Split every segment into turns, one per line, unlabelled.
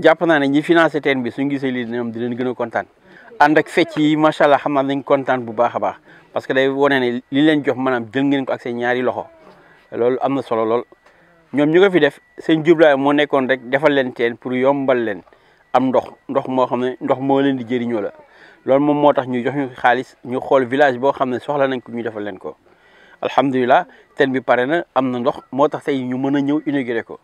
jàpp naa ne ñi financé teen bi suñu gisee lii ñoom dinañ gën a kontaan ànd ak fecc yi macha allah xam naa nañ kontaan bu baax a baax parce que day wane ne lii leen jox maanaam jël ngeen ko ak seen ñaari loxo loolu am na solo lool. ñoom ñu ko fi def seen jublaay moo nekkoon rek defal leen teen pour yombal leen am ndox ndox moo xam ne ndox moo leen di jëriñoo la loolu moo tax ñu jox ñu xaalis ñu xool village boo xam ne soxla nañ ko ñu defal leen ko alhamdulilah teen bi pare na am na ndox moo tax tey ñu mën a ñëw inauguré ko.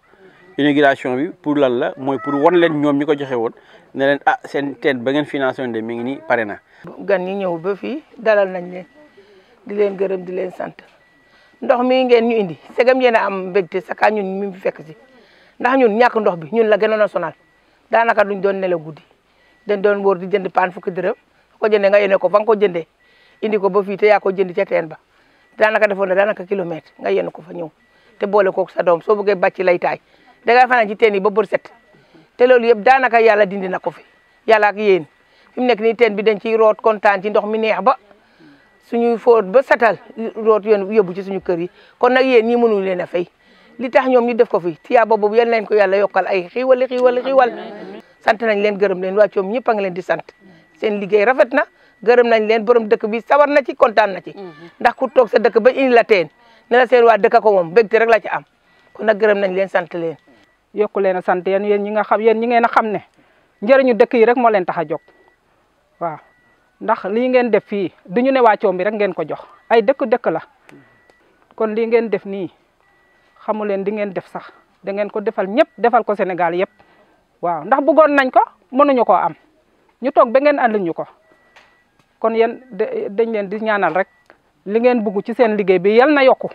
inauguration bi pour lan la mooy pour wan leen ñoom ñi ko joxe woon ne leen ah seen teen ba ngeen financé de mi ngi nii pare na.
gan ñi ñëw ba fii dalal nañ leen di leen gërëm di leen sant ndox mi ngeen ñu indi segam yéen am mbégte saka ñun mi fi fekk si ndax ñun ñàkk ndox bi ñun la gënoon a sonal daanaka duñ doon nelaw guddi dañ doon wóor di jënd paan fukki dërëm ko jëndee nga yene ko fa nga ko jëndee indi ko ba fii te yaa ko jënd ca teen ba daanaka defoon na daanaka kilomètre nga yéene ko fa ñëw te boole kook sa doom soo bëggee bàcc lay taay dangay fanaan ci teen yi ba bër set te loolu yëpp daanaka yàlla dindi na ko fi yàlla ak yéen fi nekk nii teen bi dañ ciy root kontaan ci ndox mi neex ba suñuy fóot ba satal root yoon yóbbu ci suñu kër yi kon nag yéen ñi mënuñu leen a fay li tax ñoom ñu def ko fi tiyaa boobu yal nañ ko yàlla yokkal ay xiiwal xiiwal xiiwal sant nañ leen gërëm leen waa coom ñëpp a ngi leen di sant sen liggéey rafet na gërëm nañ leen borom dëkk bi sawar na ci kontaan na ci ndax ku toog sa dëkk ba indi la teen ne la seen waa dëkk ko moom bégte rek la ci am kon nag gërëm nañ leen sant leen yokku leen a sant yéen yéen ñi nga xam yéen ñi ngeen a xam ne
njëriñu dëkk yi rek moo leen tax a jóg waaw ndax lii ngeen def fii du ñu ne waa coom bi rek ngeen ko jox ay dëkk-dëkk la kon lii ngeen def nii xamu leen di ngeen def sax da ngeen ko defal ñëpp defal ko senegal yëpp waaw ndax bëggoon nañ ko mënuñu koo am ñu toog ba ngeen ànduñu ko kon yen dañ leen di ñaanal rek li ngeen bugg ci seen liggéey bi yal na yokku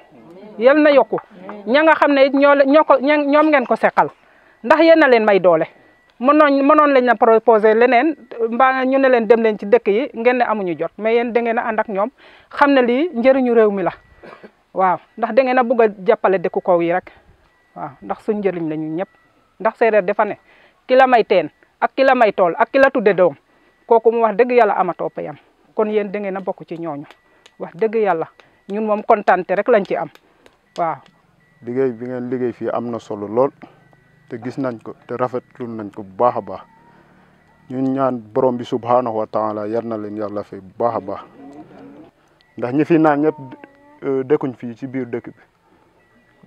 yal na yokku ña nga xam ne it ñoo ñoo ko ñoom ngeen ko seqal ndax yéen a leen may doole mënoon mënoon lañ na proposé leneen mbaa ñu ne leen dem leen ci dëkk yi ngeen ne amuñu jot mais yen da ngeen a ànd ak ñoom xam ne lii njëriñu réew mi la waaw ndax da ngeen a bëgg a jàppale dëkku kaw yi rek waaw ndax suñ njëriñ la ñun ñëpp ndax séeréer dafa ne ki la may teen ak ki la may tool ak ki la tudde doom kooku mu wax dëgg yàlla amatoo payam kon yéen da ngeen a bokk ci ñooñu wax dëgg yàlla ñun moom kontaan rek lañ ci am
waaw liggéey bi ngeen liggéey fii am na solo lool te gis nañ ko te rafetlu nañ ko bu baax a baax ñun ñaan borom bi subhaanahu wa taala yar na leen yàlla fay bu baax a baax ndax ñi fi naan ñëpp euh, dëkkuñ fii ci biir dëkk bi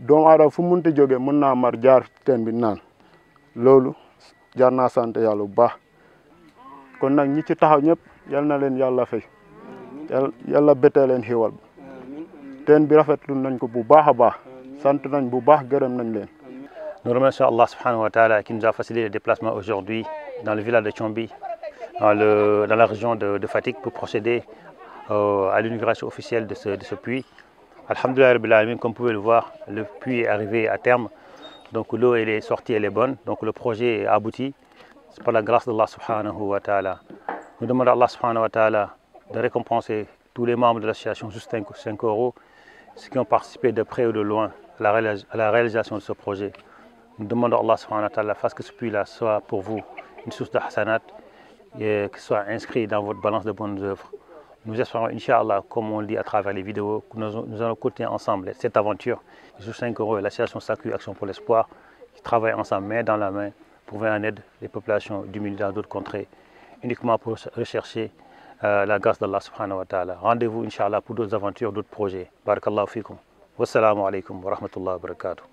doomu aadama fu munti jógee mën naa mar jaar teen naan loolu jaar naa sant yàlla bu baax kon nag ñi ci taxaw ñëpp yal na leen yàlla fay yàlla yàlla betee leen xiwal teen bi rafetlu nañ ko bu baax a baax sant nañ bu baax gërëm nañ leen
Nous remercions Allah subhanahu wa ta'ala qui nous a facilité le déplacement aujourd'hui dans le village de Tchombi, dans, la région de, de Fatick, pour procéder euh, à l'inauguration officielle de ce, de ce puits. Alhamdulillah, comme vous le voir, le puits est arrivé à terme. Donc l'eau est sortie, elle est bonne. Donc le projet abouti. par la grâce d'Allah subhanahu wa ta'ala. Nous demandons Allah subhanahu ta'ala de récompenser tous les membres de ceux qui ont participé de près ou de loin à la réalisation de ce projet. Nous demandons à Allah subhanahu wa ta'ala fasse que ce puits-là soit pour vous une source de hasanat et que ce soit inscrit dans votre balance de bonnes œuvres. Nous espérons, Inch'Allah, comme on le dit à travers les vidéos, que nous, nous allons continuer ensemble cette aventure. Je suis 5 euros et l'association SACU Action pour l'Espoir qui travaille ensemble, main dans la main, pour venir en aide les populations du dans d'autres contrées, uniquement pour rechercher Euh, la grâce d'Allah subhanahu wa ta'ala. Rendez-vous, Inch'Allah, pour d'autres aventures, d'autres projets. Barakallahu fikum. Wassalamu alaikum wa rahmatullahi wa barakatuh.